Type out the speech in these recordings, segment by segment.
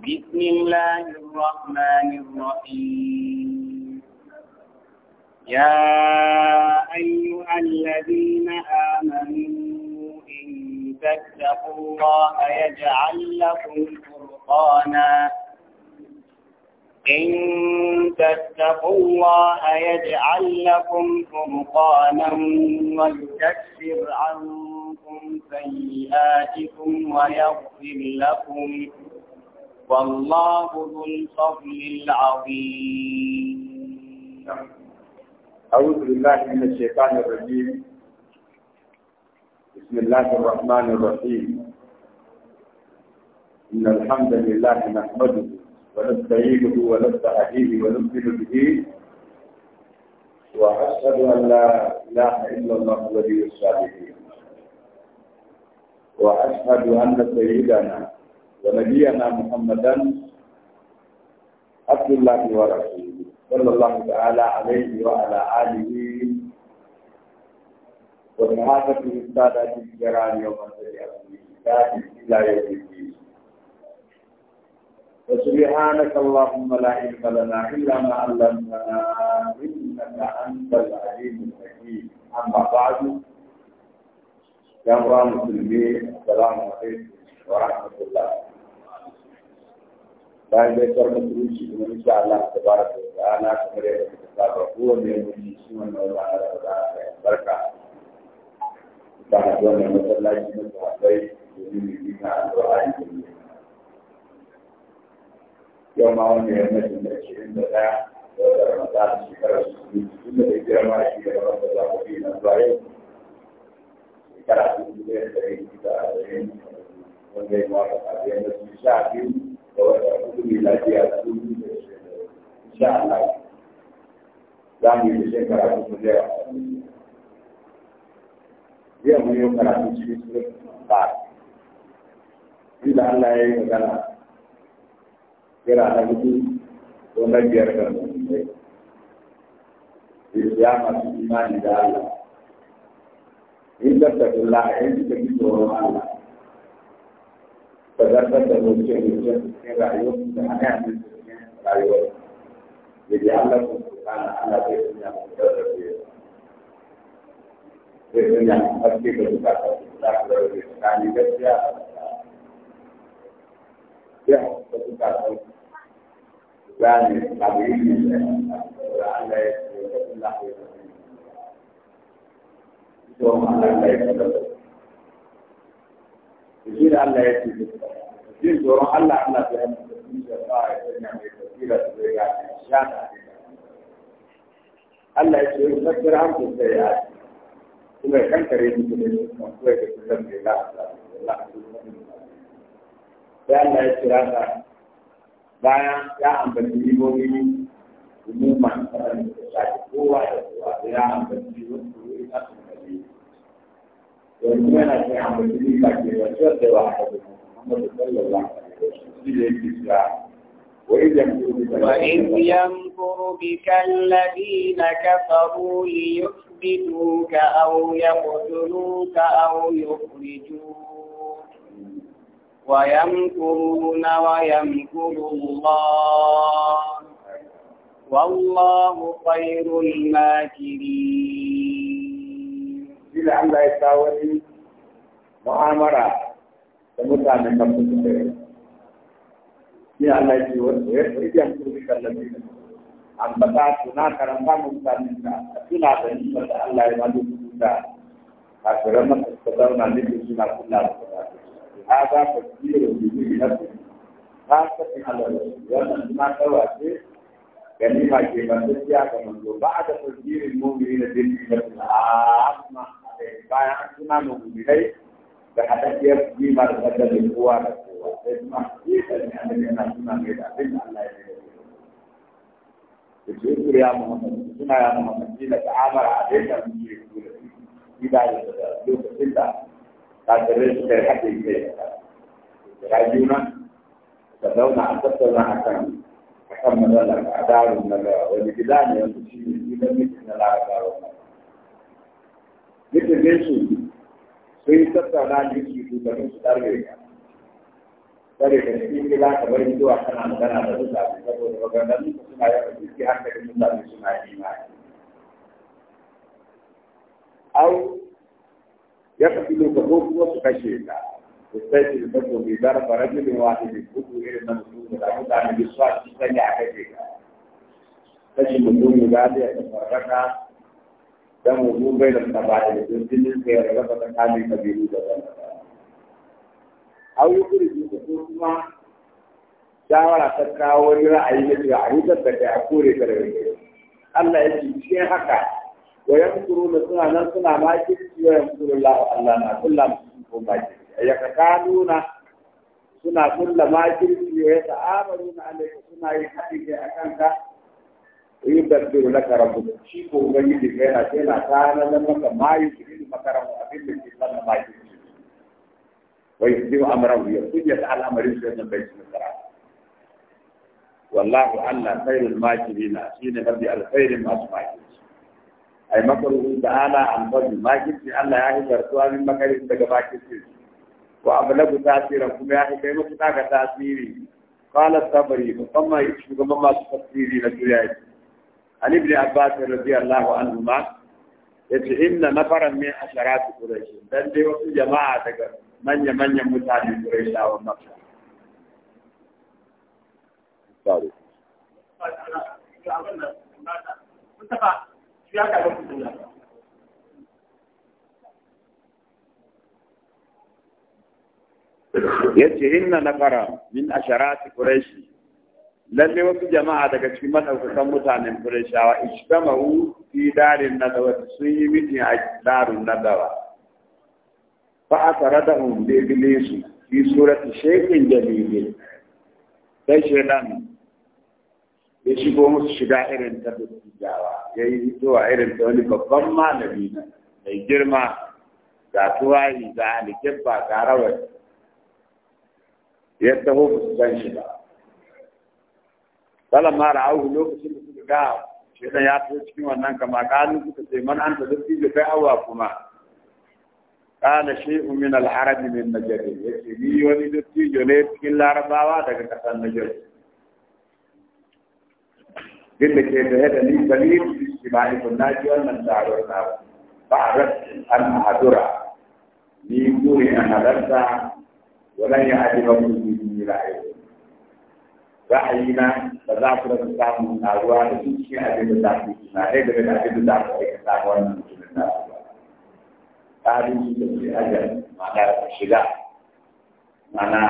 بسم الله الرحمن الرحيم يا أيها الذين آمنوا إن تتقوا الله يجعل لكم فرقانا إن تتقوا الله يجعل لكم فرقانا ويكفر عنكم سيئاتكم ويغفر لكم والله ذو الفضل العظيم أعوذ بالله من الشيطان الرجيم بسم الله الرحمن الرحيم إن الحمد لله نحمده ونستعينه ونستهديه ونؤمن به وأشهد أن لا إله إلا الله ولي الصالحين وأشهد أن سيدنا ونبينا محمدا عبد الله ورسوله صلى الله تعالى عليه وعلى آله وصحابته السادة الكرام يوم القيامة إلى يوم الدين وسبحانك اللهم لا علم لنا إلا ما علمتنا إنك أنت العليم الحكيم أما بعد يا مسلمين السلام عليكم ورحمة الله bayan dai kar musulunci kuma insha Allah ta ana kamar yadda muka saba kowanne wani shi wannan rana da za a kai barka ta wannan masallaci na sahabbai domin mu yi na alƙur'ani da mu yau ma wanda ya mace da yin da ɗaya da wata ramadan shekarar su ne tun da bai girma shi da wata zaɓaɓi na zuwa yau shekara su ne da ya tsaye da wanda ya mawaka a biyar da su sha biyu da wata uku mai lafiya da dubu da insha Allah za mu yi da shekara da yawa zai mu yi karatu cikin surat ba inda Allah ya yi magana kira na hudu ko na biyar da mutum ya masu imani da Allah in tattakin la'a in suka ji tsoron Allah berdasarkan dari hujah yang rayu yang rayu. Jadi Allah bukan Allah itu yang terdiri. Itu yang pasti berbuka kita terdiri. kerja ya berbuka dan kami ini berandai untuk melakukan itu تجير الله يتيجي تجير دوران الله الله أن يعني تجير الله يتيجي تجير السيئات الشانة الله يتيجي تذكر عنك السيئات ثم كان كريم من المنطقة تسمى الله الله الله يتيجي bayan ya ambaci limomi umuman da shafi kowa da kowa da ya ambaci wasu irin والمعنى في عمل الدين وشد واحدهم محمد صلى الله عليه وسلم وإذ يمكر بك الذين كفروا ليثبتوك أو يقتلوك أو يخرجوك ويمكرون ويمكر الله والله خير الماكرين kila Allah ya sa wani mu'amara da mutanen nan su suka yi shi Allah ya ce wasu ya fi idan su bi kallabi an bata suna karamba mutanen ka a tuna da ni da Allah ya malu su da kafiran masu suka zauna ne da suna kula da su ha za ka tsira da yi na su ha ka fi halarwa wannan ma tsawa ce ganima ke ban tafiya ga manzo ba a da tasirin mummuni na jirgin da su a asma bayan an tuna mu da haɗaɗɗiyar kima da tattalin kowa da kowa sai kuma kisan ne yana mai da abin da Allah ya yi da ke kuri ya muhammadu suna ya muhammadu da su da lokacin da yi haɗin kai da ta da zauna a tattauna a a kan matsalar a na wani gida ne wanda shi ne gidan mutum na larabawa duka gaisu sun tattauna da su shugaban su ɗarfe ka ɗarfe ka cikin gida kamar zuwa kana magana da mutane saboda maganganun su suna yawan jiki hankalin mutane suna imani au ya fi ka ko kuma su kashe ka sai su da ko bi dar farajin ko kuku irin na mutum da mutane bi su sanya a kashe ka kashe mutum ya ga da ya farraka dan mu bai da kabari don jinin ka ya raba tsakanin kabilu da ban au yuri ko kuma shawara ta kawo ra'ayi da a yi tabbata a kore ta daga gare Allah ya ce shi haka wa yankuru da suna nan suna makirci wa yankuru Allah na kulla musu ko suna ya na suna yin haɗi kai a kanka ويبدل لك ربك شيكو ومجد بينا تينا كان لما ما يجري مكرم أبين لك لما ما يجري ويسديو أمره يسجد على أمر سيدنا بيت المكرم والله ألا خير الماكرين أسين نبي الخير ما سمعكم أي مكره تعالى عن فضل ما كنت ألا ياهي برتوا من مكرم دقما كنت وأبلغ تأثيرا كم ياهي كيما كتاك تأثيري قال الصبري فما يشبك مما تفسيري لك ياهي عن ابن عباس رضي الله عنهما يتحن نفرا من عشرات قريش بل دي وقت جماعة من يمن يمتعد قريش أو النفر يتحن طيب. نفرا من عشرات قريش lalle wasu jama'a daga cikin madaukakan mutanen Qurayshawa ishtamau fi darin nadawa sun yi miti a darin nadawa fa asaradahum da iblisu fi surati shekin jalil sai shaytan ya shigo musu shiga irin ta dattijawa ya yi zuwa irin ta wani babban malami na mai girma ga tuwayi ga ba ga rawar ya taho ba su shi ba Kala ma ra'ahu lokacin da suka ga shedan ya tafi cikin wannan kama kanu suka ce man anta dabbi kai awa kuma kana shi min al-arab min najd yace ni wani dabbi ne cikin larabawa daga kasar najd din da ke da yadda ni dalil ijtima'i kun naji wannan taron na ba rat an hadura ni gure an halarta walan ya adiba kun ni ra'ayi ra'ayina ba za ku rasa samun karuwa da su cikin abin da za ku yi na dai game da abin da za ku aika sa wannan mutumin na su ba. Tsarin su da su ajiyar ma'ana ku shiga, ma'ana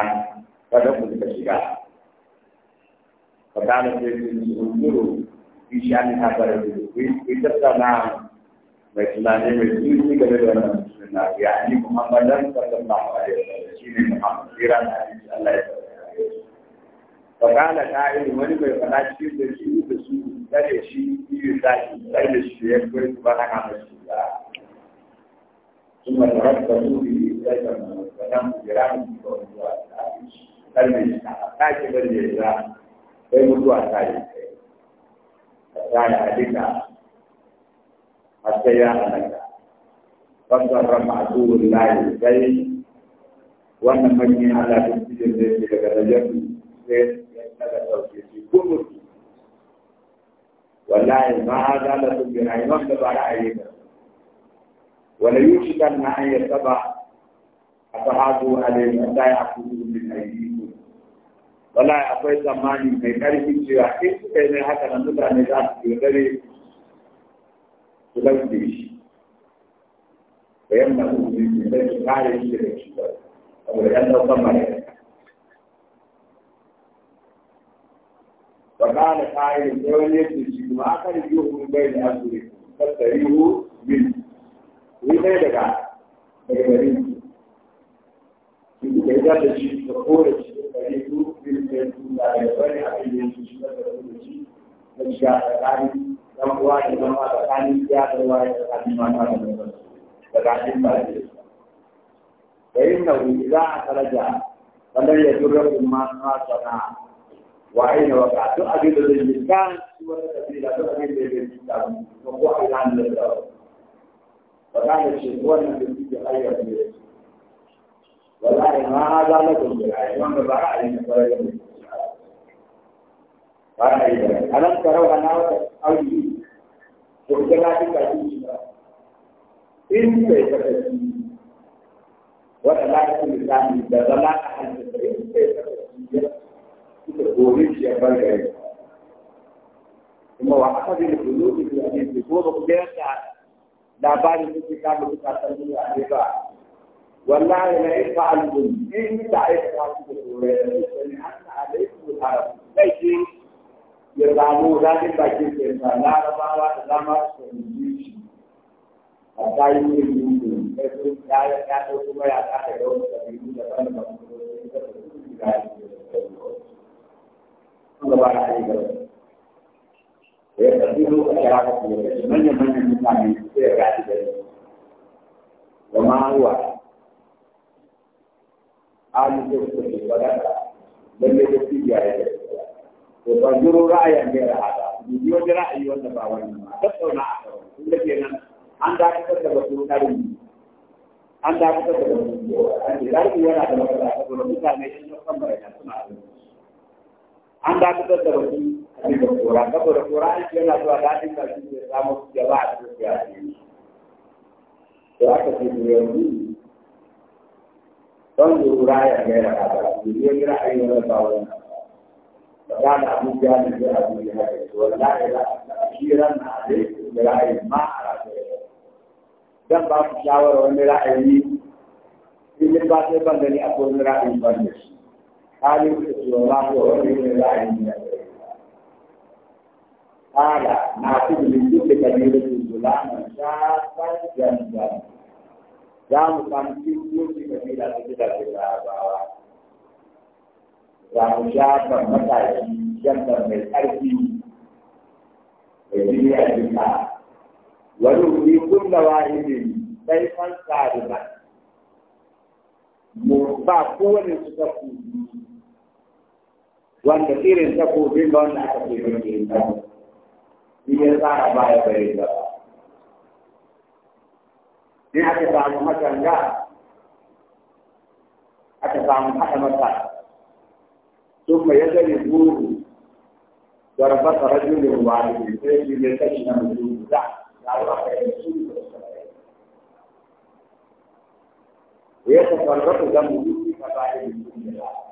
kada ku ka shiga. Ka gane sai su yi tsoro, yi shi an haɓar da su, ku yi tattauna mai tunani mai tsiri game da wannan mutumin na su ya ni Muhammadan sallallahu alaihi wa sallam shi ne Muhammad, tsira na Allah ya tsara. fakala ka'il wani mai fada cikin da shi da su tare shi yi zaki sai da shi ya kai yi. ba haka ba shi da kuma da rabba su bi sai da wannan jira mu ko zuwa ta shi dan ne ta ta ke da ne da sai mutuwa ta yi ta ya hadika hatta ya halaka fasarra ma'zurul lahi sai wannan manyan Allah da ke da yake daga rajab sai daga sauke shi kuma wallahi ma hada la tu bi ayman da bara ayyuka wala yushikan na an yasaba atahadu alayhi hatta ya'khudhu min aydikum wallahi akwai tsammani mai karfi cewa in suka yi haka nan mutane za su yi dare su dauke shi bayan na su ne su kare shi da shi saboda yan daukan mara فقال قائل يوليت الشيء ما كان يجوه من بين أسركم فاستريه منه وإذا دقا بغبرين يقول إذا تشيء فقول الشيء فريقه بالفيرتون لا يبني أبي ينشي فقول الشيء فالشيء تقاني لم واحد لما تقاني سياد الواحد تقاني ما كان يبني تقاني فالشيء فإنه إذا خرج فلن يدركم ما صنع وأين وقع تؤدي للإمكان سوى التبديل تؤدي للإمكان وقوع عن الأرض فكان الشيطان في أي والله ما هذا لكم بالعين وأنا برأي ألم تروا أنا أولي وكذلك أولي إن كيف تكون ولا لا تكون لساني لا لا أحد كيف تكون gobe shi ya bar gare kuma wa haka da kulubi da hadisi ko ba ku da labarin da ke kama bukatar duniya ne ba والله لا يدفع الظلم إن انت عايز تعطيك الولاد لأن عليكم العرب لكن يرضعوا ذلك باكين كيسا لا ربا ولا ما تسميش حتى يقول يقول يقول يا يا يا يا يا يا يا يا يا يا يا gaba a kai gaba da ya karfi lokaci haka su ya kashe manyan manyan mutane sai ya gaji da su da maruwa alu sai suka ce sadaka lalle da cibiya ya kashe to ban zuro ra'ayin da ya hada dubi wani ra'ayi wanda ba wannan ba tattauna a kan tun da kenan an dakatar da batun karin an dakatar da batun an ce yana da matsala saboda mutane sun san bayanan suna abin an dakatar da wani a cikin kora saboda kora an yana zuwa daɗin da shi ne samun gaba a cikin yaƙi to aka ce mu yanzu don lura ya gaira a ba su yi ra'ayi wani ba wani ba za da abu ne zai abu ya haka to wallahi shi ran na dai ra'ayi ma a ra'ayi dan ba ku shawara wani ra'ayi in ba sai ban gani akwai wani ra'ayi ban da shi قالوا رسول الله ورسول الله من قال ناخذ من كل كبيرة غلاما شابا جنبا يا مصنفين كل كبيرة كبيرة كبيرة يا شابا متى جنبا من الأرض وجميع الجماعة ونؤتي كل واحد ضيفا صادقا مبقى كون سكتي wanda irin takobin da wanda aka ce mai ke ta shi ya tsara baya bai da Ni aka samu matanga aka samu haɗa mata sun mai yadda ne buru da rabata rajin da ruwa da sai shi ne kashi na mutum da ruwa ka yi su da su ya tafarrata zan mutum ka ba da mutum da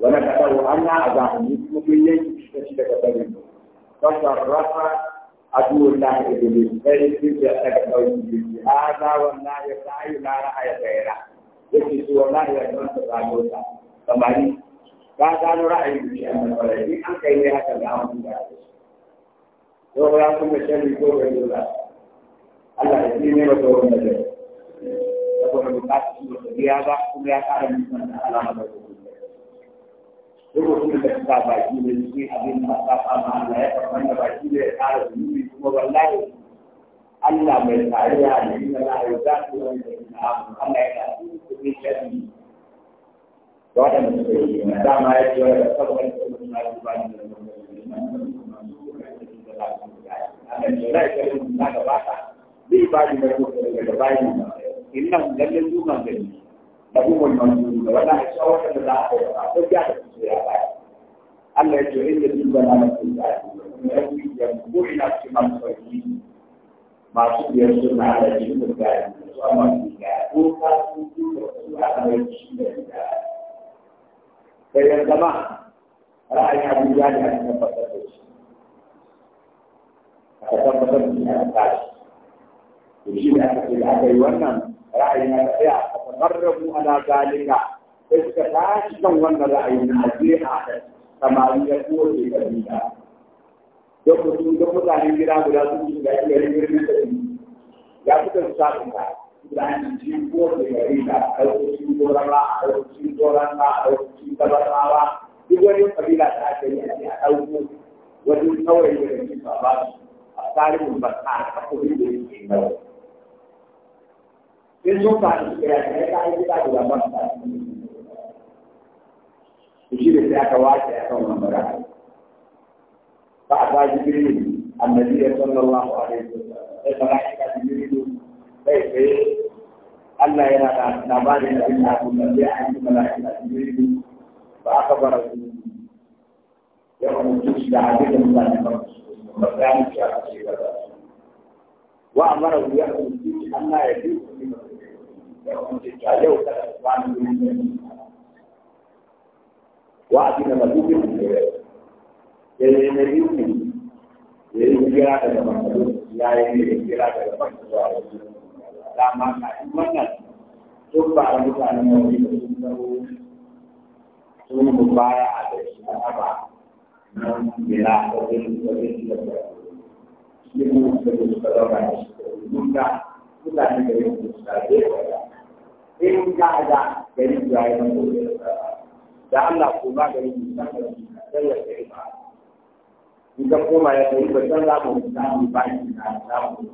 wani kadau an na a zahani kuma mun yanki shi shi daga barin fasarrafa aduwar da ka ibili sai shi da daga dauki jiki hada wallahi ya sa'i la ra'aya gaira yake shi wallahi ya san ta gano ta kamari ka gano ra'ayin shi an fara in an kai ne haka da an da yau ya kuma shari ko bai yi Allah ya ne maka wannan da saboda bukatar su ba ta ba kuma ya kara mutunta alama da kuma lokacin da ta baki da shi abin da ka fama Allah ya fara da baki da ya fara zunubi kuma wallahi Allah mai tariya da yin Allah ya za su wani da ina abu Allah ya ka su kuɗi shaɗi da waɗanda suka yi yi dama ya ce wani da saboda da kuma na su ba ni da wani da ba ka zai ba ni da kuma da bayan innahum lam yakunu min da kuma manzuru da wannan shawarar da za a yi ba ko ya ta ce ya ba Allah ya ce inda duk da nan sun da shi ya ko ina ci man sauki masu biyar suna da shi da ga su amma ni ga ko ka su su da shi da ga sai ya zama ra'ayi Abu Jahal ya tabbata da shi aka tabbatar da shi aka tashi to shi da aka ce da aka yi wannan ra'ayina da ɗaya a rabu ala zalika sai suka tashi kan wannan ra'ayin na ajiye a samari ya kowace kabila lokacin da mutanen gida guda sun yi da iya birnin da su ya suka su ka da an ci kowace kabila a lokacin gorama a lokacin gorama a lokacin tabarmawa duk wani kabila da aka yi a ɗauko wani kawai da ke ba a tsarin barka a kudin da yake nawa Besok pagi mereka kita juga bangsa. Jadi saya kawat saya akan memerah. Pak Haji Jibril, Nabi Sallallahu Alaihi Wasallam, mereka Jibril, baik baik. Allah yang ada nama yang Nabi Abu Nabi Abu Malaikat Jibril, Pak Akbar yang menuju sudah ada dan bukan Mereka siapa sih kata. Wa amara dia menuju Allah yang Wajib nama bukit Jadi ini ini Jadi kira ada nama Ya ini kira ada nama Lama kaimanan Coba rambutan mau itu Semua membara ada apa Bila Bila Bila Bila Bila Bila Bila Bila mutane da yin kusa da yawa in ka da garin da ya yi da Allah da sai koma ya kai ba san zamu samu ba ni na samu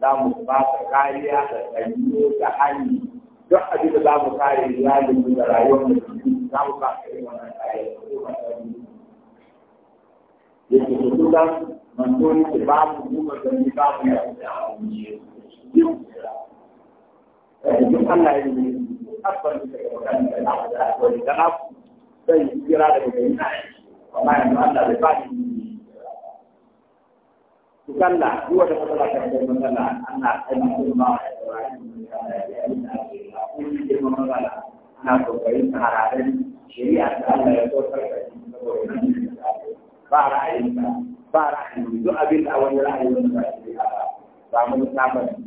zamu ba da kanyo da hali duk abin da zamu kare iyalin da rayuwar ba yi da da in Allah ya yi asbar da na zai kira da kai amma yanzu Allah bai bani ku kalla duk wata matsala ta kai matsala ana kai musulma ana kokarin tsararen shari'a da Allah ya so karkashi saboda ba ra'ayinka ba ra'ayin duk abin da wani ra'ayin da ba shi ba ba mu samu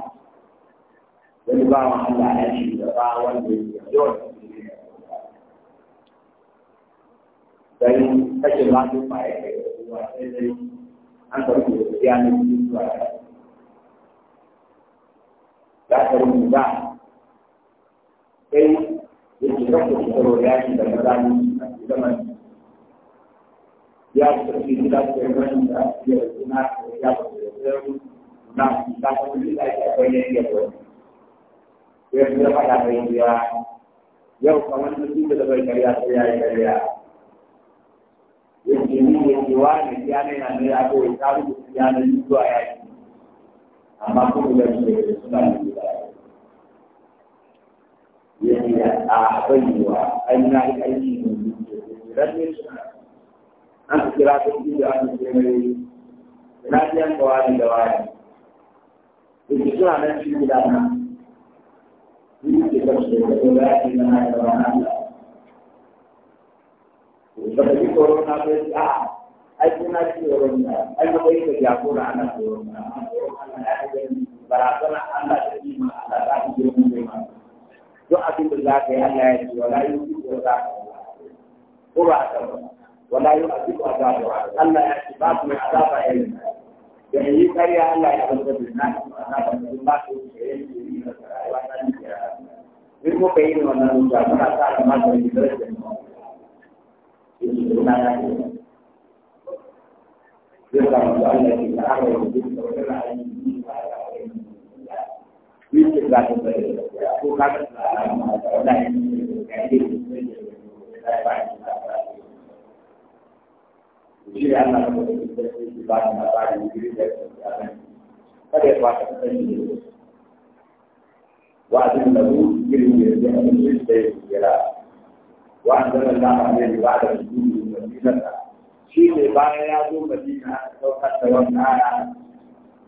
Jadi bawa anda rawan Dari antar dan berani kita Ya, seperti kita ya fi zama da haihuwa yau kamar mutum da bai karya sai ya yi karya yake yi yake wa ne ya ne na ne ya kawai ta rubuta ya ne zuwa ya yi amma kuma da su suna da gida yake ya a bayyuwa an na yi aiki ne ran ne suna an kira ta yi da an kira ne na biyan kawai da wani yake suna nan shi gida na seperti corona bisa aku nanti corona aku boleh kerja aku anak corona berapa anak terima anak aku belum terima doa di berbagai anak jualan itu berapa kurang ولا يؤذب عذابه الا اعتقاد من عذاب علم يعني يقال يا الله يا رب العالمين عذاب الله في الدنيا Ilmu pengen menanggung jawab rasa emas dari terus dan Ini sebenarnya. Dia kalau soal yang kita ada itu sebenarnya ini ini segala sesuatu. Bukan orang ini jadi Jadi anak-anak itu tidak dapat diri dari Pada kuasa sendiri. وأذن له بالمجد أن يجتهد الجلال وأنزل الله عليه بعد وجوده المدينة شيء بايا يا مدينة توقف والآية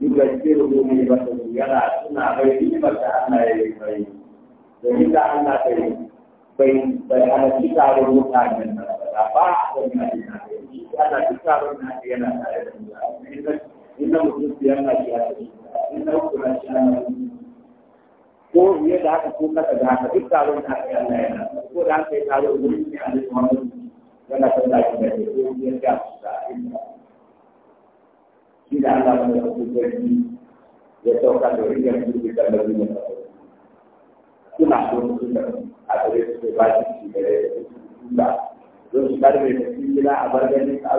يبشره نعمته يرى سنة بين نعمة أنا يبين فإذا أنا بين بين بين أنا كتاب المتعلم بعض المدينة أنا كتاب المدينة إنه إنه مسلم أنا إنه كل شيء ko fiye da haka ko kasa da haka duk taron da haka Allah yana ko da haka ya taro gurin ne a cikin wannan yana kan da shi da ke ko ya ga su da inda shi da Allah ne da ku gani ya sauka da riyan duk da da ne kuna ko ku da a gare su ba shi shi da da don su karbe da shi gida a bar ganin ko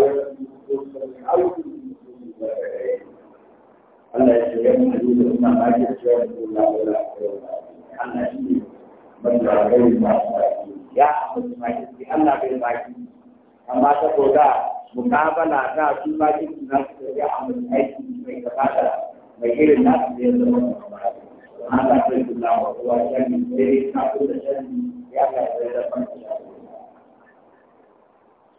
aure Allah ya ce ya mu da suna maki da cewa da Allah Allah shi ban da gai ma ya amma shi Allah bai maki amma saboda mukabala ta su maki na su ya amma shi mai kafata mai irin nasu da ya zama Allah sai Allah wa huwa shan sai ka kula shi ya ka da fanci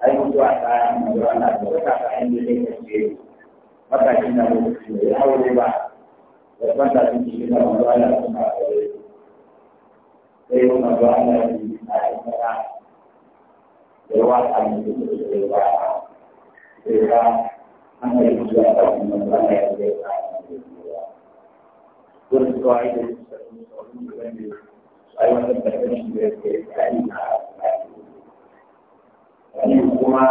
ai zuwa kayan manzo Allah da wata ka an yi zai kace matakin na ya aure ba aure yi a kara da yawa ba ya wannan kuma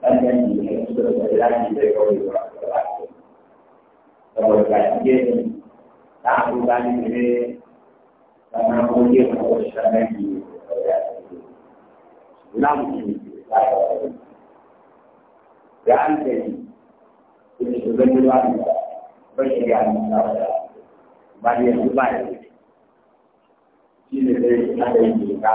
ɗan ne ya fito da zaki da kawai ba saboda ga shi ne ta ku gani ne sannan ko ke ko shanan ki na mutum ya an ce ne su zan yi ba ba shi ya ni ba ne ba ne shi ne ɗan na da ka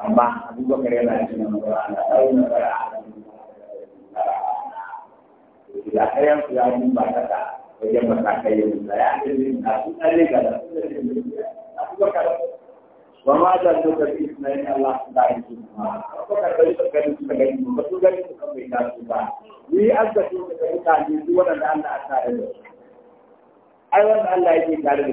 tambah juga kerela itu nggak negara yang sudah membaca yang berkata yang saya aku tadi kata aku bahwa ada juga ismail Allah dari semua aku kata itu terkait sebagai kebetulan itu kita ini ada kita di dua dan anda asal itu Allah ini dari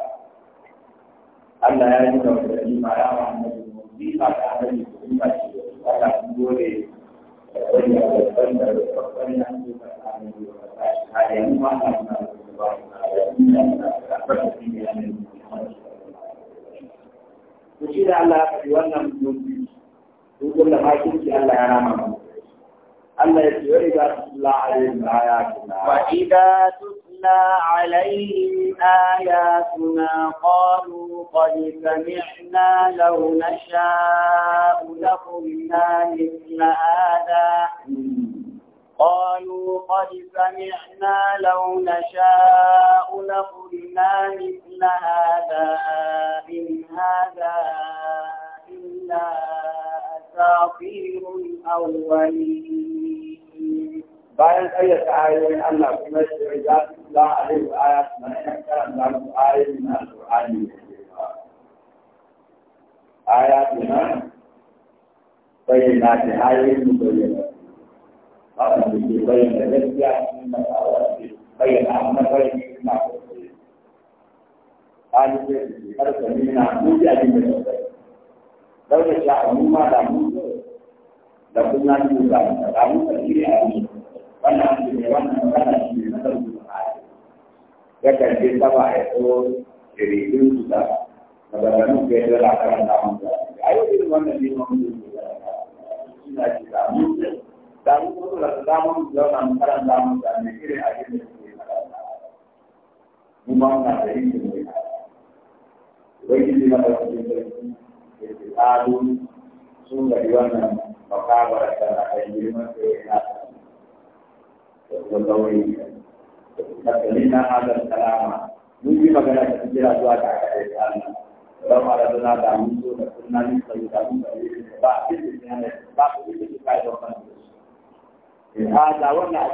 Allah ya yi da wani yawa, ya wa annabi mu'min ba ta annabi mu'min ba da da ta ba ta shi da ba ta da yi ba ta shi ne annabi shi da Allah ya faɗi wannan mu'min duk da hakinci Allah ya rama Allah ya ce wa idza tutla alaihim ayatuna wa idza tutla تتلى عليهم آياتنا قالوا قد سمعنا لو نشاء لقلنا مثل هذا قالوا قد سمعنا لو نشاء لقلنا مثل هذا إن هذا إلا أساطير الأولين بعد أن يتعايلون أن لا تمشي إذا لا عليه آيات من أكثر أن لا تعايل من القرآن آيات من بينات هذه المبينة أما في بين الرسية من الأولى بين أحنا بين ما قال في أرسل منا موجة من الأولى لو نشاء أمما لا موجة لكنا نجد أمما لا موجة wannan shi ne wannan magana shi ne na sarki Buhari yakan je sama ya so jaridun su da maganganun ke yi zara karan da mun a wannan zara ina ci da mun zai da mun zo da da mun zauna mun karan da mun zara ne irin abin da da na cikin sarki ya tsaro sun gari wannan makabar da na kai girman sai ya Jokowi. Karena ada selama, mungkin bagaimana sekiranya dua kakak di Kalau ada benar itu benar ini selalu kami, tapi ini sebab, ini sebenarnya sebab, ini sebab, ini sebab, ini sebab, ini sebab, ini sebab, ini sebab, ini sebab, ini sebab,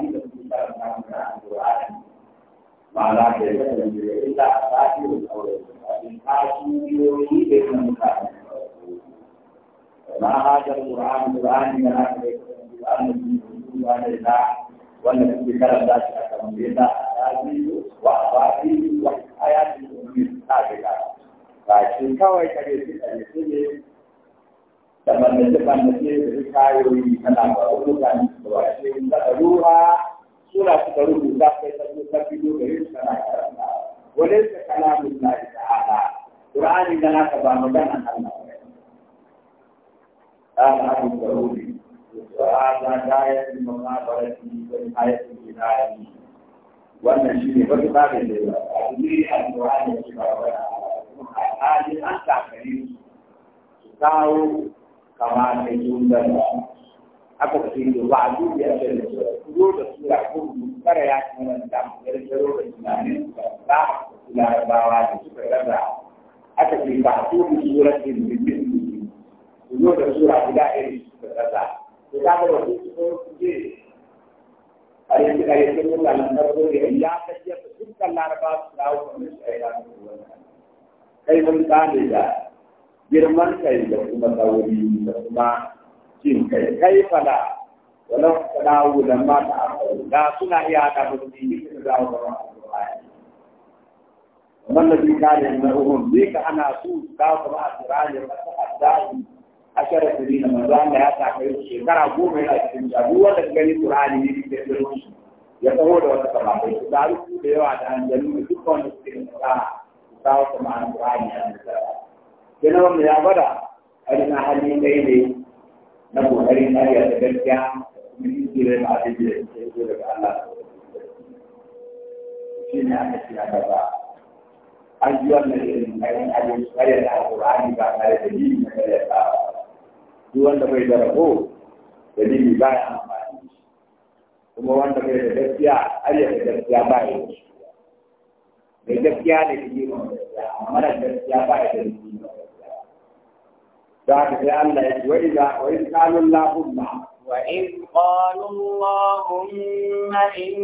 ini sebab, ini sebab, ini wanda kake karanta shi a kan da ta rabi wa baɗi wa ayatin ummi ta ga ba shi kawai kare shi kare shi ne da mandace mandace da kayoyi kana ba rubutan da wa shi da ruha sura su rubuta kai ta su ta bido gare shi kana karanta wale ta kalamun Allah ta'ala Qur'ani da naka ba magana Allah ne قال أبو داود وهذا غاية wannan shi ne wani babin da ya a duniya alƙur'ani da suka a halin an takari su kawo kama da yun da aka fi da ba a duniya da su zo da su ya ko kare ya kuma da mu da jaro da tunanin da larabawa da suka gaza aka fi ba su suratin bibin su zo da sura guda irin suka gaza da za ka wasu su da nan da girman kai da kuma tsauri da kuma jin kai kai fada walau ka dawo da mata a da suna iya da mutum ne da dawo da mata wannan bi kare na uhun bi ka ana su dawo da a tsirani a tsirani ashara sirina manzo Allah ya saka yi shekara goma yana cikin da duk wanda gani Qur'ani ne da sirrin shi ya taho da wata sababai su da ruku da yawa da anjalu da duk wanda suke da fasaha su kawo kuma an Qur'ani an da kenan wanda ya gwada arin hali dai ne na kokarin kariya da gaskiya kuma yin jire ma da jire da ya zo daga Allah shi ne aka ci a gaba an ji wannan irin kayan ajiyar da Qur'ani ba tare da yi na karyar ba duk wanda bai da rabo dalili ba ya amfani kuma wanda bai da gaskiya har ya da gaskiya ba ya da gaskiya da gaskiya amma da gaskiya ba ya da liman gaskiya da haka sai Allah ya ce wa iza wa in qalu allahumma وإذ قالوا اللهم إن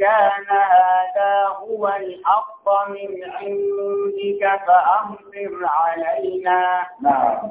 كان هذا هو الحق من عندك فأمطر علينا نعم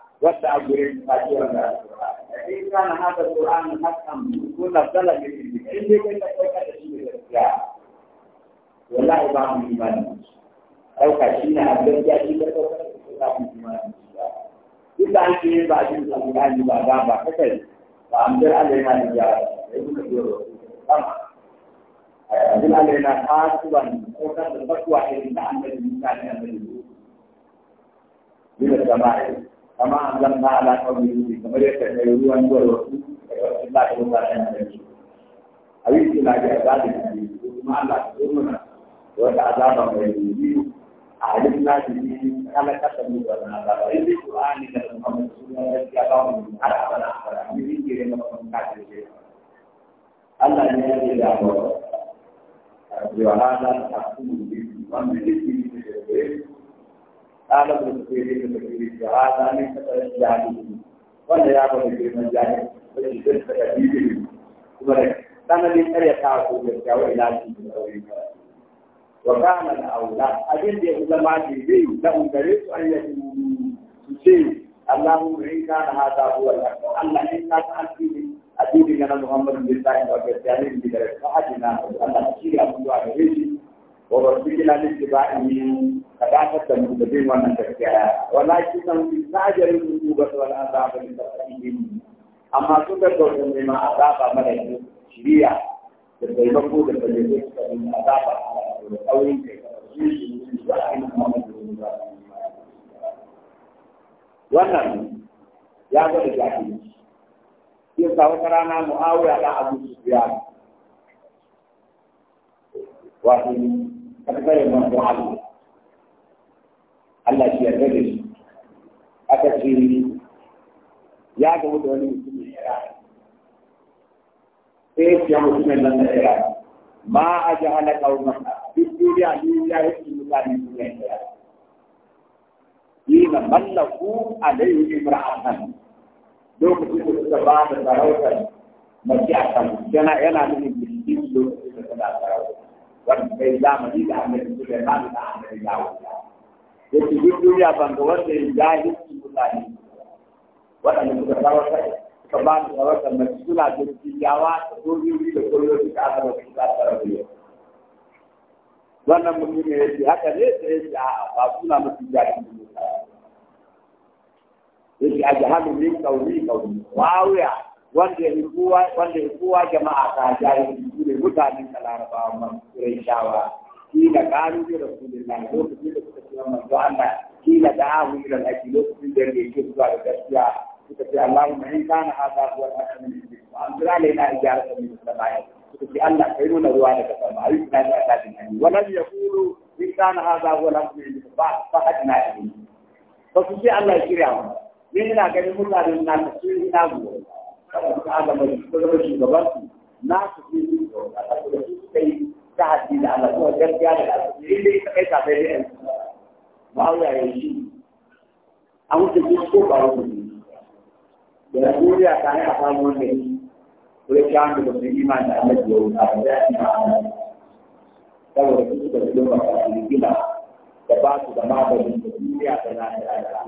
وسع بريد فاتيرا فإن كان هذا القرآن حقا منزلا من عندك إنك تكاد تشير الإسلام والله بعض الإيمان أو كشينا أبدا جاهلا فقد الإيمان إلا أن تجد بعض الأمران بعضا بعضا فأمدر علينا نجارة يقول كثير أمدر علينا خاصة وكان البقوة إلى أن الإنسان يعمل من السماء kama an zan na ala kawai yuri kamar yadda kai ruwan zuwa wasu daga wasu ta ruwa ɗan da shi a yi su na gaya za da shi kuma Allah ta zo mana da wata azaba mai yuri a halin na shi ne kala kasa mu da na azaba yin da Qur'ani da Muhammad sallallahu alaihi wasallam ya ba mu har abada abada mu yi kire na kuma ka ce Allah ne ya ce da mu wa hada aqulu bi wa min dhikri ana da su kai da kai da ya ni wanda ya ne kuma ne dan ne ta ko da kawo da aure ka wa kana aula abin da ya zama ji bi da ungare su an yi su ce Allahu in kana hada ko Allah in ka ta alfi abin da na Muhammad ne da ya mutu a gare shi dapat dan mungkin mana kerja. Walaupun kamu bisa jadi guru bahasa dan azab yang tertinggi, amal tu tak boleh menerima azab amal itu ciria. Jadi bangku dan penjaga kita ini azab amal itu awin kita. Jadi mana mungkin mana ya ga da jaki shi ya sa rana muawiya da abu sufyan wa shi kada ya mutu abu Allah shi yarda da shi aka ce ya gamu da wani mutumin ya sai ya mutumin nan da yara ma a ji hana kaunar duk duniya ne ya yi mutane su ya yara yi na mallaku a laifin imra'atan lokacin da suka ba da sarautar mace a kan yana yana nuna jirgin lokacin da suka da sarautar wanda kai zamani da annabi su da zamani da annabi yake duk duniya ban ga wanda ya jahilci mutane waɗanda suka kawar suka ba da kawar da mace suna da jiyawa da dogiyoyi da kullum suka aka da suka aka da wannan mutum ne yake haka ne sai yake a ba suna mutum jahilci mutane yake a jahalin ne kauli kauli wawiya wanda ya kowa wanda ya kowa jama'a ta jahilci ne mutanen kalarabawa masu kurai shawara. kila ƙaru da rasulullahi lokacin da suka ce manzo Allah kila da ahu ila alhaji lokacin da yake zuwa da gaskiya suka ce Allahumma in kana hadha huwa al-hakim wa anzira alaina ijaratan min as-sama'i suka ce Allah kai nuna ruwa daga sama ayi kana da alhaji hani wa lam yaqulu in kana hadha huwa al-hakim al-mubin fa faqadna to su Allah ya kira mu ni ina ganin mutanen na ta su ina mu saboda ka ga mai shugaban su na su ne a saboda su kai ta haddi da Allah kuma gaskiya da Allah ne dai ka kai ta sai dai ba ya yi shi an wuce duk ko ba wani da ta ne a samu wanda yi kuma ya an da mutum imani da Allah ya wuce a da ya saboda su suka fi lokacin da su gina da ba su da maganin da duniya ta na da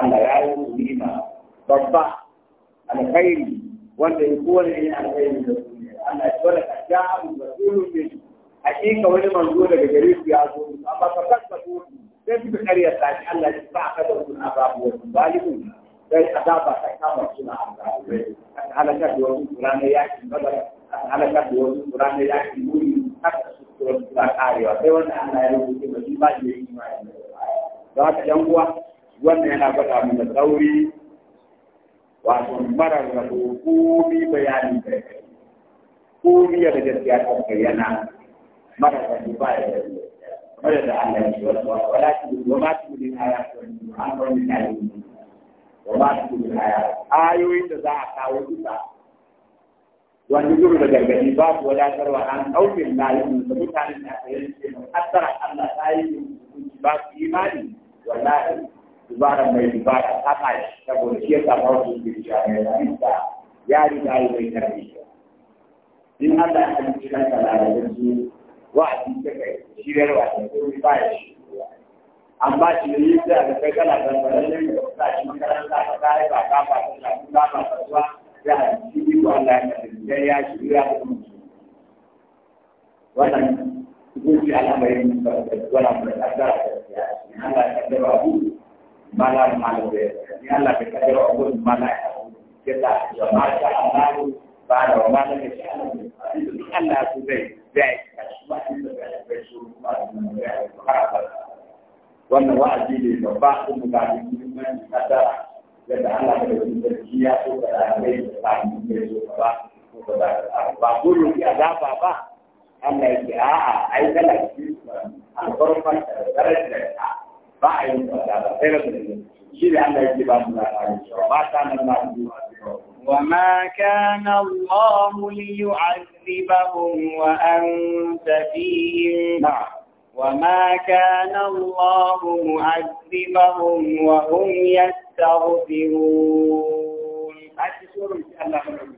Allah ya yi su nima babba alkhairi wanda ya kowane ne alkhairi da Allah ya wala ka wani manzo daga gare su ya zo amma fa kasabu sai su kariya ta Allah ya sa ka da wannan azabu wa a dai azaba ta kama suna azabu an halaka da wani Qur'ani ya ki badar an halaka da wani ya ki muri haka su Qur'ani yi karewa sai wannan Allah ya rubuta ba shi ba ne da haka yan uwa wannan yana faɗa mana tsauri wato marar rabu ko bi bayani da ko biya da gaskiya ta bayyana mara da ba ya da mara da Allah ya shiwa wala ki wa ma ki min ayatu an wa min ayatu wa ma ki min ayatu ayoyin da za a kawo duka wani guru da gargadi babu wadatarwa an kaumin layin da mutane da aka yi ce Allah ta yi ba su imani wallahi dubara mai dubara ta kai saboda shi ya samu wasu jirgin ya riga yi mai in Allah ya halitta da lalatar su wa'azi ta kai da wa'azi ko ba shi amma shi ne yadda a kai kana zanzararren da kusa shi makaranta ta kare ba ka ba ta shafi ba ba ta zuwa ya halitta shi ko Allah ya halitta ya shirya da kuma wannan hukunci al'amarin da wannan da kaddara da ya Allah ya mala mala da Allah ya kaddara abu mala ya ba da wa ma daga shi Allah su zai zai wannan wa'azi ne babba ko ni mun kada yadda Allah da wani sarki ya so ka da mai da ba ni ne so ba ko ba da ba ko ne ya da ba a'a ai kana da ba a yi ba da ba sai da shi ne Allah ya ba da ba وما كان الله ليعذبهم وأنت فيهم وما كان الله معذبهم وهم يستغفرون هذه سورة إن شاء الله وما كان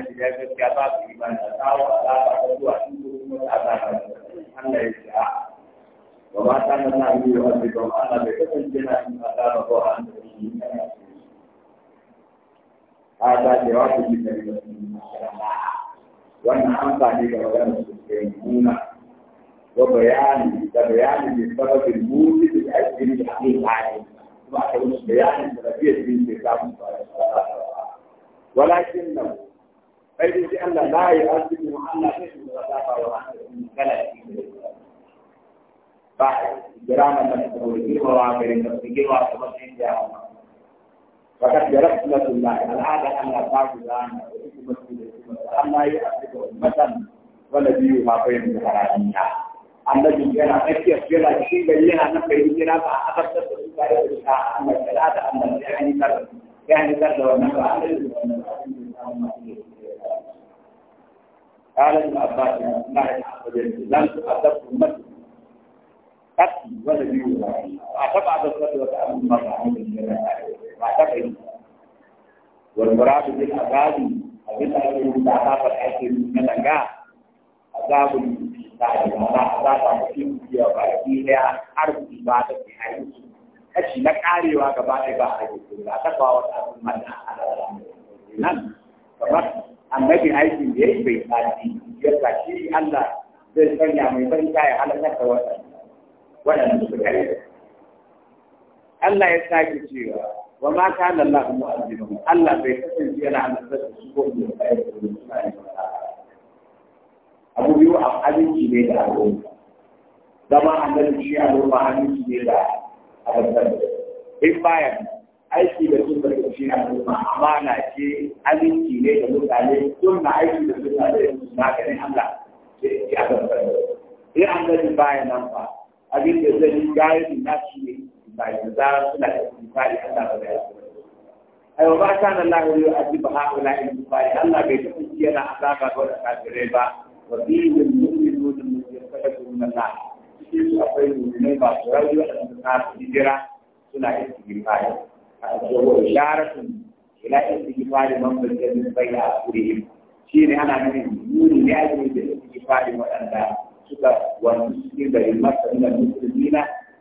الله ليعذبهم وأنت فيهم وما كان الله ليعذبهم وهم يستغفرون هذا جواب النبي وأن أنفع لي وأنا المسلمين وبيان بيان بسبب الموت بالأجل الحقيقي ثم أخذ بيان بلفية من كتاب ولكن أي أن لا يؤذن محمد بن الغلابة وأن بعد إجرام المسؤولين وعاملين المسؤولين وعاملين الجامعة وقد جرت سنة الله العادة أن أتاك الآن وحكمة أما يأتيك أمة ونبيها بين ظهرانيها النبي كان أكثر جل شيء بينها نبي جنا فأخذت السكاية بها أن الثلاثة أن يعني كذا يعني كذا ونبع قال ابن عباس لا لم تؤدب أمتي أتي ونبيها أتبع بالصلاة وتأمل مرة عن الجنة ba ta kai wal muradu bil azabi abin da ake yi da azabar ake yi na daga azabul da ake mata azaba mutum ya baki daya har ba ta ke hari kashi na karewa gaba ɗaya ba a yi ba ta kawo wata abin mata a nan kamar annabi aikin da ya yi bai tsari ya tashi Allah zai sanya mai ban ta ya halakar da waɗanda waɗanda suka yi Allah ya sake cewa wa ma kana Allah mu'azzibahum Allah bai kasance yana azabtar da su ko da kai abu biyu a abinci ne da al'umma zama annabi shi al'umma abinci ne da azabtar in bayan aiki da sun da shi al'umma amana ce abinci ne da mutane sun na aiki da sun da su maganin Allah sai ya azabtar in annabi bayan nan fa abin da zai yi gayi na shi ne ايوه ما كان الله يعذب هؤلاء الكفار الله بيتكينا عذاب هؤلاء الكافرين با وفيه المؤمنون من يتقدم من الله وفيه من يبا سرعي الناس الهجرة سنة الكفار هو إشارة إلى الكفار من بجد بين أسرهم شيني أنا من يوني لأجل الكفار مؤلاء سكا ونسكين بالمسر من المسلمين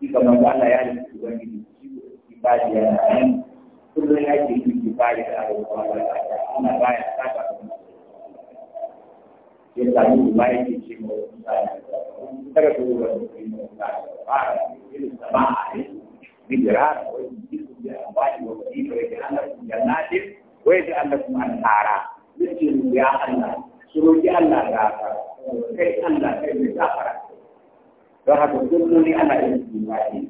shi ga manzo Allah ya halitta ubangiji shi ibadi ya nan kullum ya ke yi ibadi da Allah ana baya ta ka ya sami ibadi ke ce mu daga dole mu ba irin sama'a bidrar wa yusiku bi amwali wa bani wa yaj'alakum jannatin wa yaj'alakum anhara yace ya Allah suroki Allah da kai Allah kai mai gafara Don haka kullum ana yin jima'i.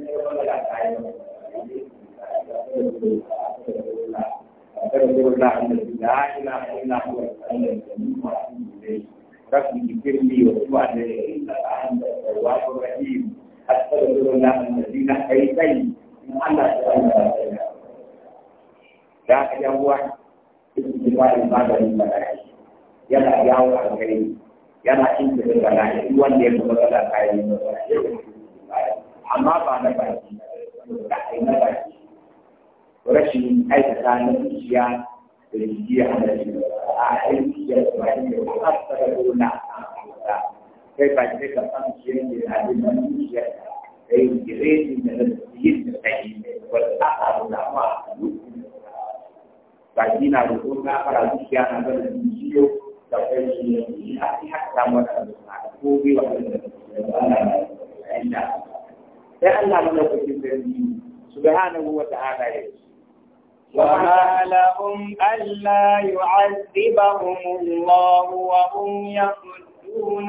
Ya ya yana cin da daga duk wanda ya kuma daga kayan da amma ba na baki da ai na baki rashin aikata na zuciya da jijiya a shi a aiki da kuma da kuma da kuma kai ba ki ka san shi ne da abin da zuciya da yi gireni da da yin da kai a akhar da ma baki na roƙon na fara zuciya na da jijiyo da aiki sai Allah mana kuɗi subhanahu wa ta'ala ya ce وما لهم ألا يعذبهم الله وهم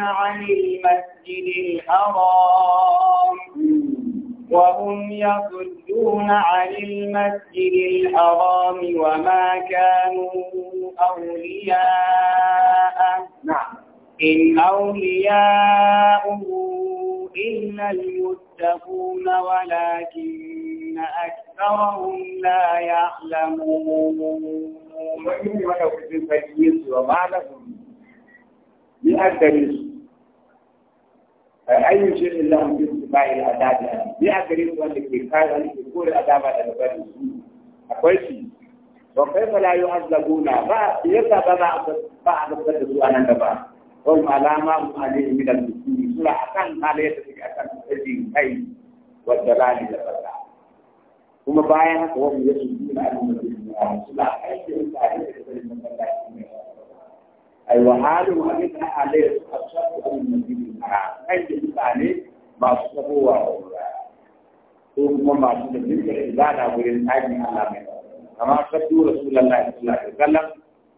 عن المسجد الحرام وهم يصدون عن المسجد الحرام وما كانوا أولياء نعم إن أولياءه إلا المتقون ولكن أكثرهم لا يعلمون وإن ولو في الفجيس وما لهم لأدرسوا ayyu shi illahu bi tibai al-adab bi akari wanda ke kai wanda ke kore adaba da bari su akwai shi kai kaifa la yu'azzabuna ba yasa ba ba ba da su anan gaba wa alama mu alayhi min al-bismi sura akan halaye da take akan tsaji kai wa dalali da fara kuma bayan haka wanda ya yi suna al-muslimin suna aiki da tsaji da tsaji da aiwa wa halin wani na alayhi a cikin masjidin haram kai da mutane masu tabowa a wurin ko kuma masu da bin ibada wurin aikin Allah mai kamar sabbi rasulullahi sallallahu alaihi wasallam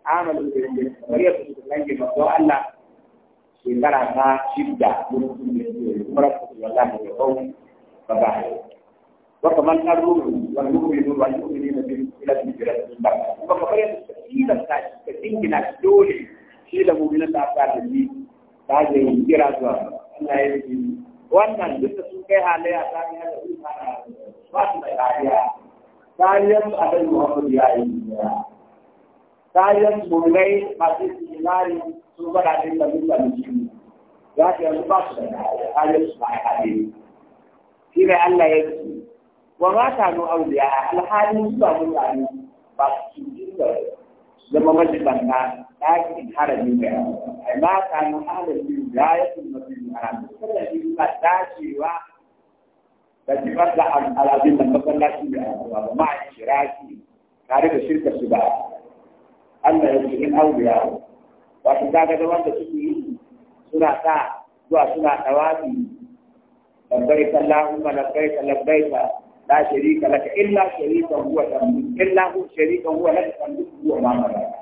amalu da yake bariya su kange masu Allah shekara ta shidda lokacin da yake umrar wallahi da kawo baba وكمان الروم والمؤمنون والمؤمنين في الى الهجره ta كثيرا كثيرا دولي shi da mu'minin da aka tafi ta je yi kira zuwa Allah ya yi wannan duk da sun kai halayya ta ne da su fara ba su da kariya kariyar su a kan Muhammadu ya yi kariyar su mu'minai masu imani sun faɗa ne da mutane shi za su yanzu ba su da kariya kariyar su ba a kariya shi ne Allah ya ce wa ma kanu auliya alhalin su ba mutane ba su cikin da zama majibanta لكن حرج بها ما كان حال بداية المسجد الحرام كل قد داشي و تجربة على أبينا مثلا وما إشراكي تعرف الشركة السباع الله يجيهم أولياء وعشان ذاك دوان تسكي سنة ساعة دوا سنة اللهم لا شريك لك إلا شريك هو تنبيه إلا هو شريك هو لك تنبيه هو ما مرأة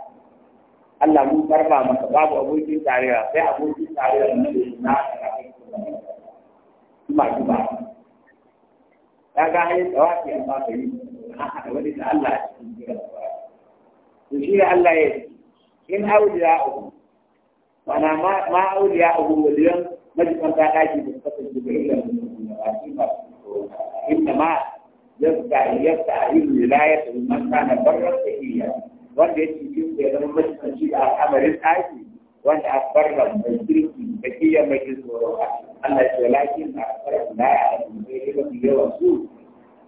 Allah mun karba maka babu abokin tarayya sai abokin tarayya na na kuma ba. ta ga hayi tsawafi an ba a da wani da Allah a cikin gidan to Allah ya in auliya uku mana ma ma auliya uku waliyan majikan ta daki da suka ji da ilmin ba shi ba inna ma yasta yasta ilmi man kana barra sahiya wanda ya cikin da zama mutunci da al'amarin ɗaki wanda a farra mai kirki da kiyar mai A Allah ce lakin na farra na ya alamu sai ya mafi yawan su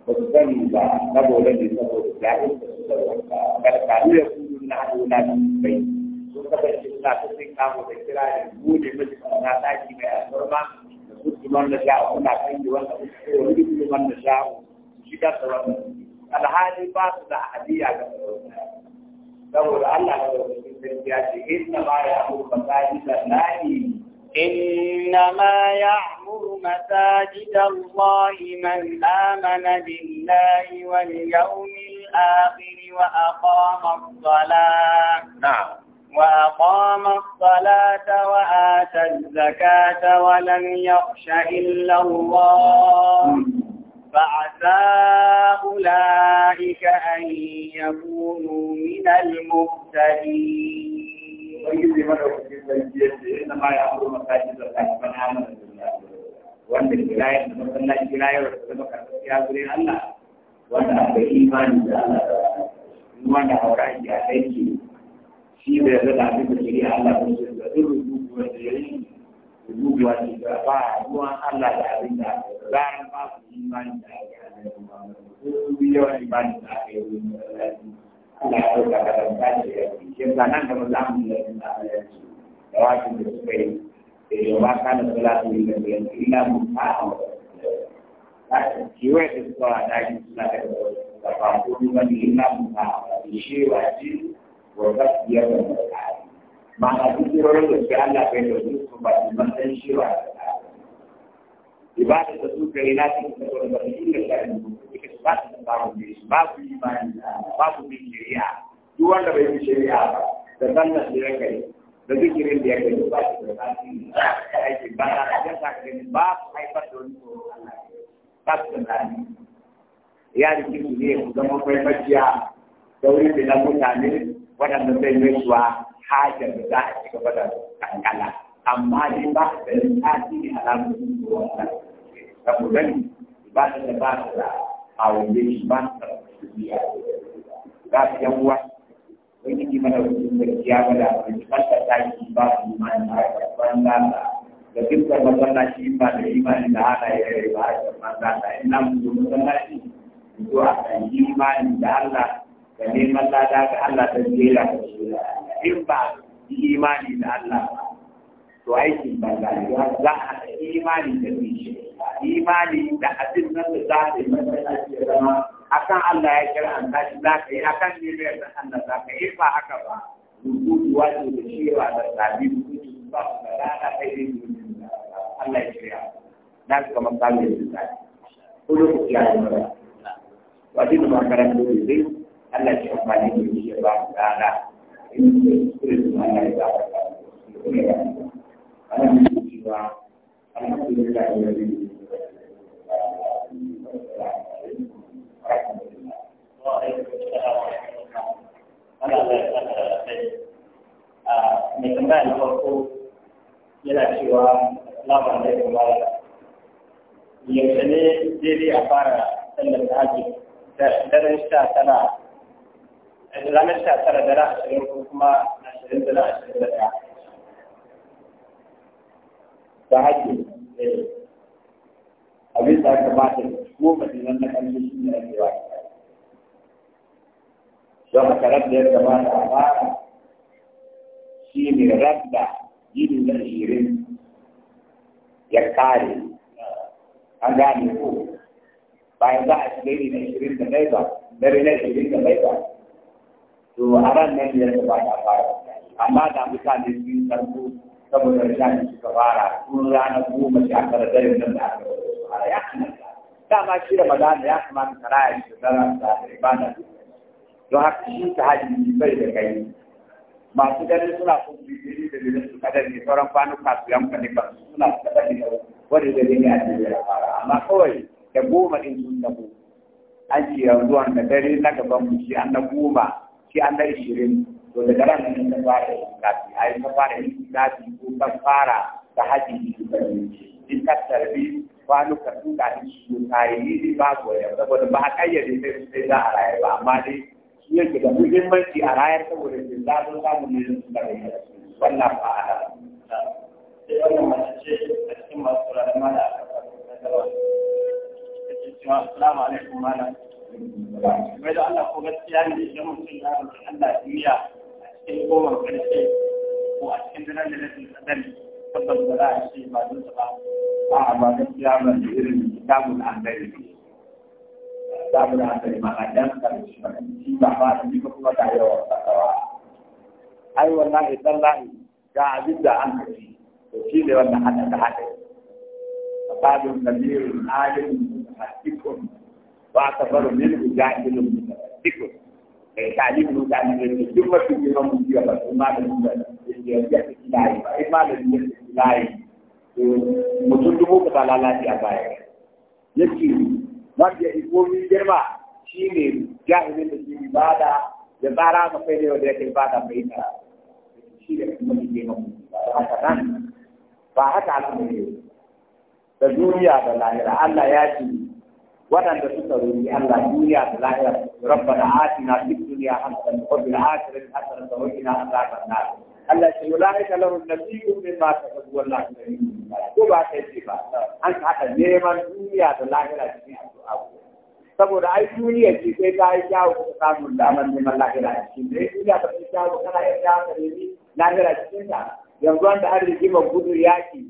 ba su ba saboda ne saboda zaɓin da su da wanda karkanu ya kudu na haɗu sun suna ta sun kamo da kira da bude mutunci na ɗaki mai alfarma da kudu man da sha'u suna kan yi wanda da sha'u shi da alhali ba su da hadiya ga إنما يعمر مساجد الله إنما يعمر مساجد الله من آمن بالله واليوم الآخر وأقام الصلاة نعم وأقام الصلاة وآتى الزكاة ولم يخش إلا الله فعسى أولئك أن يكونوا من المهتدين ubangiji madaukakin sarki ya ce ina ma ya amuru masaji da kashi bana amana da Allah wanda kilayar da masallaci kilayar da kuma karfafiya gurin Allah wanda imani da Allah da wanda shi da ya zada abin da shari'a da ruwa ne ga ba ruwan Allah da abin da zarar ba su yi imani da ake hannun ruwa yi yawan imani da ake yi Allah ya ɗauka da ranta ce ya fi shi ga nan gaba za mu ya ce da wajen da suka yi da yawa kana da salatu yi da biyan illa mu da suka wa daji suna da da fafo ruwan illa mu ta hawa da shewa ce wa gaskiyar da ta ma'ana duk tsirorin da suke Allah bai da su ba su ban san shi ba ibada da su kai na su da wani ba su da shi ne ba su da mu ne ba su yi ba ni ba su bi shari'a duk wanda bai bi shari'a ba da sannan da ya kai da zikirin da ya kai ba su da zafi da aikin ba da ajiyar sa ka gani ba su haifar da wani tsoro Allah ba su da zafi ya rikin su ne ku zama kwaifaciya da da na mutane waɗanda zai mai suwa hajar da za a ci gaba da amma dai ba da tasiri alamun ruwan da saboda ni ba da ba da aure ba da tafiya za su yan uwa wani ne mana wajen da kiya ba da wani kasa ta yi ba su imani ba da banza da dukkan masallaci ba da imani da ana ya yi ba da banza da ina mu zo masallaci mu zo a kan imani da Allah da neman lada ga Allah da jela da jela in ba imani da Allah to aikin ba za a haɗa imani da shi imani da abin nan da za ka yi ya zama akan Allah ya kira an tashi za ka yi akan ne mai aka Allah za ka yi ba haka ba rubutu wato da shewa da sabi rubutu ba ku da rana kai ne Allah ya kira na su kamar kamar yanzu ta ko lokaci ya yi mara wajen makarantar da zai Allah ya kira amfani da shi ba ku rana yaushe ne daidai a fara sallar hajji daren sha tana ranar sha tara da ashirin ko kuma ashirin da ashirin da ɗaya da haƙƙi abin da aka bata ko madinan na ƙarfi shi ne ake wa don haka rabda ya gabata a bara shi ne rabda yini na ashirin ya kare an gane ko bayan za a shiga yini na ashirin da ɗaya ba dare na ashirin da ɗaya ba to a ran nan ya ba ta fara amma da mutane su yi karko saboda rashin suka fara tun ranar goma sha tara dare nan da aka fara ya kamata dama shi ramadana ya kamata ka raya shi da ran da ibada don haka shi ta hajji bai da kai masu ganin suna kun bibiri da bilin su kadar ne sauran kwanuka su yanka ne ba suna su kadar ne wani da ne a cikin fara amma kawai da goma din sun tabo an ce yanzu wanda dare na gaban mu shi an na goma sai an dai da to daga ran ta fara itikafi ai ta fara itikafi ko ta fara ta haji itikafi in ka tarbi kwanuka sun ka su kai ni ba da saboda ba a kayyade sai sai za a raye ba amma dai su da muhimmanci a rayar da sai za mu samu da wannan ba a sai wannan mace ce a cikin masu rarama da aka fara da Mai da Allah ko gaskiya ne idan mutum ya rufe Allah duniya a cikin goma ƙarshe ko a cikin dinar da nufin kadari tabbas ba za a ce ba don ba. A'a ba gaskiya ba da irin kitabun an gari ne. Kitabun an gari ma a ɗan ƙarshe ba ba ba da ni ba kuma da yawa fasawa. Ai wallahi tallahi ga abin da an kaci to shi ne wanda haɗa da haɗa. Fadun Kabiru Alim Hakikum واعتبر منه جاهل متفكر تعليم تعليم ثم في يوم القيامة ما الذي ما mutum dubu ka ta lalace a baya yake wanda ya ikomi girma shi ne jahilin da ke bada da tsara ma kai ne wanda yake bada mai ta shi da kuma ke nema haka nan ba haka al'amari da duniya da lahira Allah ya ce waɗanda suka roƙi Allah duniya da lahira rabbana atina fid dunya hasanatan wa fil akhirati hasanatan wa qina azaban nar Allah ya yulaika lahum nasibun mimma kasabu wallahu karim ko ba ta ce ba an haka neman duniya da lahira cikin addu'a saboda ai duniya ce sai ta yi kyawu ta samu damar neman lahira cikin dai duniya ta yi kyawu kana iya kyawu ka nemi lahira cikin ta yanzu wanda an rigima gudu yaki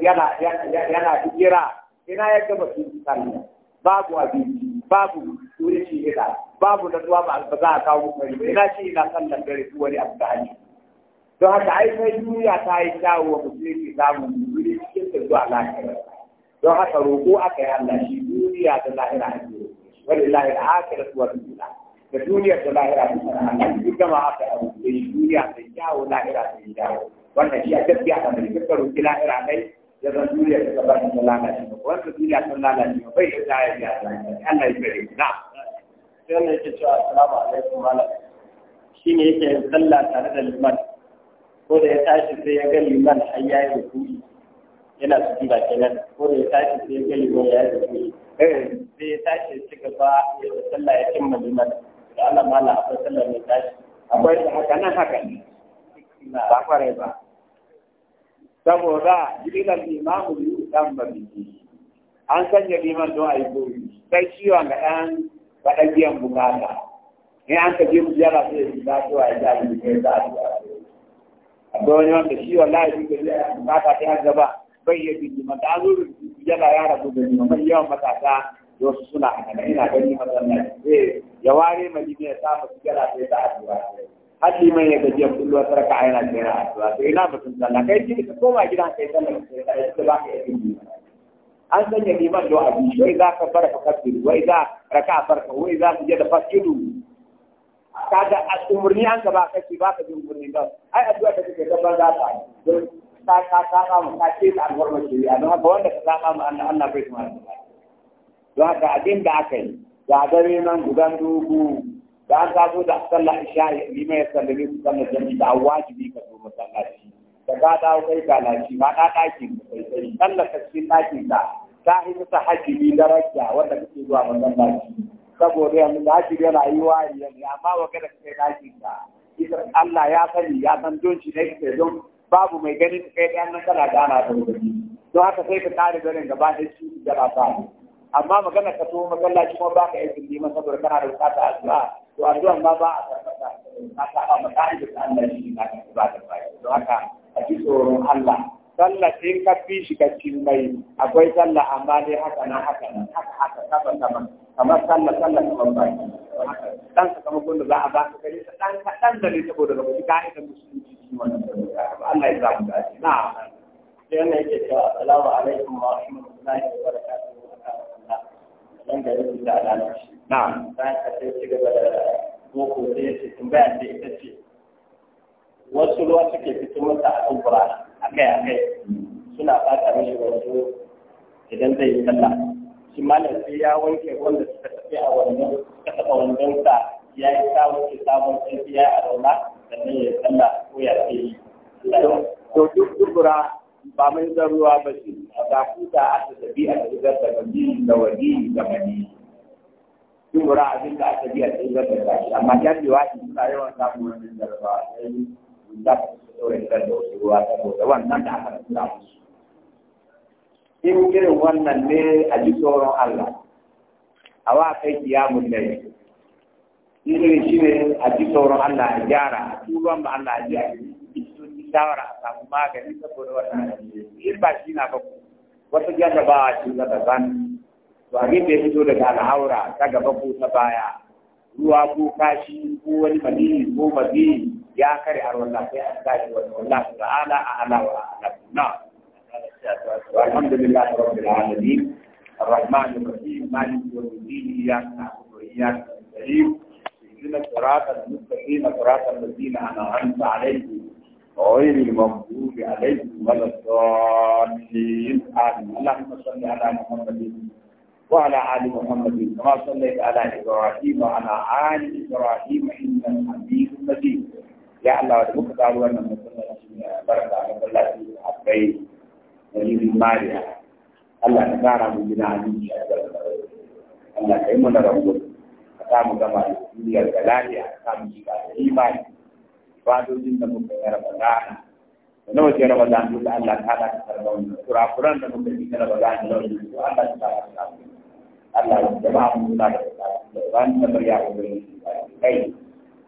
yana yana yana ina ya gama cikin sallah babu abinci babu wurin shi gida babu da tuwa ba za a kawo muku ina shi ina sallar dare su wani abu da hannu don haka ai sai duniya ta yi kyawu wa musulunci samun wuri cikin da zuwa lahira don haka roƙo aka yi Allah shi duniya da lahira a ke wani lahira aka da tuwa duniya da duniyar da lahira da sana Allah duk gama aka yi musulunci duniya da kyawu lahira yi kyawu wannan shi a gaskiya da mai kakkaru lahira dai ya zan duniya ta gaba ta lalace ba wanda duniya ta lalace ba bai da da ya Allah ya bari na sai ne yake cewa assalamu alaikum malam shine yake yin sallah tare da liman ko da ya tashi sai ya ga liman har yayi rukuni yana sujuda kenan ko da ya tashi sai ya ga liman yayi rukuni eh. sai ya tashi ya ci gaba ya sallah ya cimma liman da Allah malam akwai sallah mai tashi akwai haka nan haka ba kwarai ba saboda jibilan imamu biyu dan ba an sanya liman don a yi buri sai ciwon ga ɗan faɗaɗɗiyan bukata in an ka je mu jara sai ya fita to a yi jari da ya za a akwai wani wanda shi wallahi shi ga bukata ta yanzu ba, bai ya bi liman da an zo da jara ya rabu da liman mai yawan matasa da wasu suna a ina gani matsalar eh, ya ware mai ne ya samu su jara sai ta a har liman ya gaji ya kullu wata raka yana tsira a tura to ina mutum sallah kai jini ka koma gidan kai sallah sai ka yi ba ka yi an sanya liman do abi wai za ka fara ka kafiru wai za raka farka wai za su je da fasiru kaga umurni an ka ba ka ci ba ka ji umurni ba ai addu'a da kake da banza ta don ta ta ta ka mu ka ce ta alwar mace a don haka wanda ka saba mu Allah Allah bai tuma don haka abin da aka yi ga dare nan gudan dubu da an taso da sallah isha'i lima ya sallame su sallar jami da wajibi ka zo masallaci da ba dawo kai ga lashi ma ka ɗakin da, kai sai sallar ka cikin ɗakin ka ta yi ta hajjibi daraja wanda kake zuwa masallaci saboda yanzu da hajjibi yana yi wa yanzu amma wa kada ka kai ɗakin ka Allah ya sani ya san don shi ne ka don babu mai ganin kai ɗayan nan kana ana da wuri don haka sai ka kare ganin gaba da shi da ba amma magana ka to masallaci kuma ba ka yi saboda kana da bukata addu'a to addu'an ma ba a karɓa na saba ma ka'idar da Allah shi na ka ba da bai don haka a ji tsoron Allah sallah sai ka fi shi ka ci mai akwai sallah amma dai haka na haka na haka haka saba sama kamar sallah sallah kamar bai dan sakamakon da za a ba ka gare ta dan kaɗan da ne saboda ba ka ka'idar musulunci shi wannan Allah ya samu dace na sai wannan yake cewa assalamu alaikum wa rahmatullahi wa barakatuhu wa rahmatullah dan da yake da alaƙa na bayan ka sai ci gaba da boko sai ya ce tun tambaya da ita ce wasu ruwa suke fito masa a kan kai-a kai suna fata mishi wanzu idan zai yi sallah shi malam sai ya wanke wanda suka tafi a wannan suka taɓa wannan sa ya yi samun ke samun ƙarfi ya yi a rauna sannan ya yi sallah ko ya ce yi. To duk dubura ba mai zaruwa ba shi ba ku da aka tafi a cikin da wani da wani da wani. dubura abin da aka biya sai zai da shi amma ya biwa shi suna yawan samun wannan zarfa sai za ka saurin kan da wasu ruwa saboda wannan da aka rasa musu in irin wannan ne a ji tsoron Allah a wa kai kiyamun dai irin shi ne a ji tsoron Allah a gyara a tuban ba Allah a ji a ji shawara a samu magani saboda wannan in ba shi na ba wata jarrabawa ce zaka gani to abin da ya fito daga al'aura ta gaba ko ta baya ruwa ko kashi ko wani maniyi ko mazi ya kare har wallah sai an tashi wani wallah ta'ala a ala wa ala na alhamdulillah rabbil alamin الرحمن الرحيم مالك يوم الدين اياك نعبد واياك نستعين اهدنا الصراط المستقيم صراط الذين انعمت عليهم غير المغضوب عليهم ولا الضالين امين اللهم صل على محمد وعلى آل محمد كما صليت على إبراهيم وعلى آل إبراهيم إنك حميد مجيد يا الله ودمك تعالوا أن نصلي بركة على الله في وليد ماريا الله تكارا من جناني الله كيمنا رمضان أقام كما يسمي الجلالي أقام شكاة الإيمان فادو جنة مكتر رمضان ونوجه رمضان الله تعالى كربون كرا قرآن مكتر رمضان الله تعالى كربون Allah da Allah bukatu da rahama ya Allah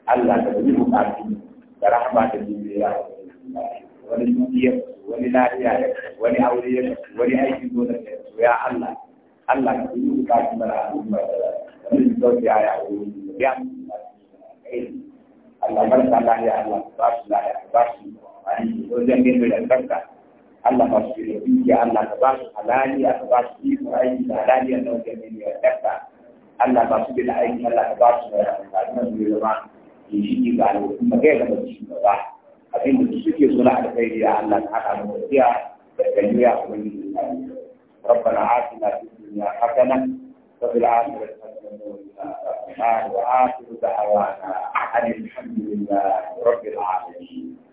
Allah da yi da rahama ya Allah barka lafiya Allah ba su ba su wajen gindin Allah ba su da dukiya Allah ka ba su halaliya ka ba su iko aiki da halaliya na wajen ne ya dakka Allah ba su da aiki Allah ka ba su da amfani da zama in shi ga al'umma kai ka ba su ba abin da suke so na alkhairi ya Allah ka hada mu tafiya da kanyuya a wani ربنا آتنا في الدنيا حسنة وفي الآخرة حسنة وقنا عذاب النار وآخر دعوانا أن الحمد لله رب العالمين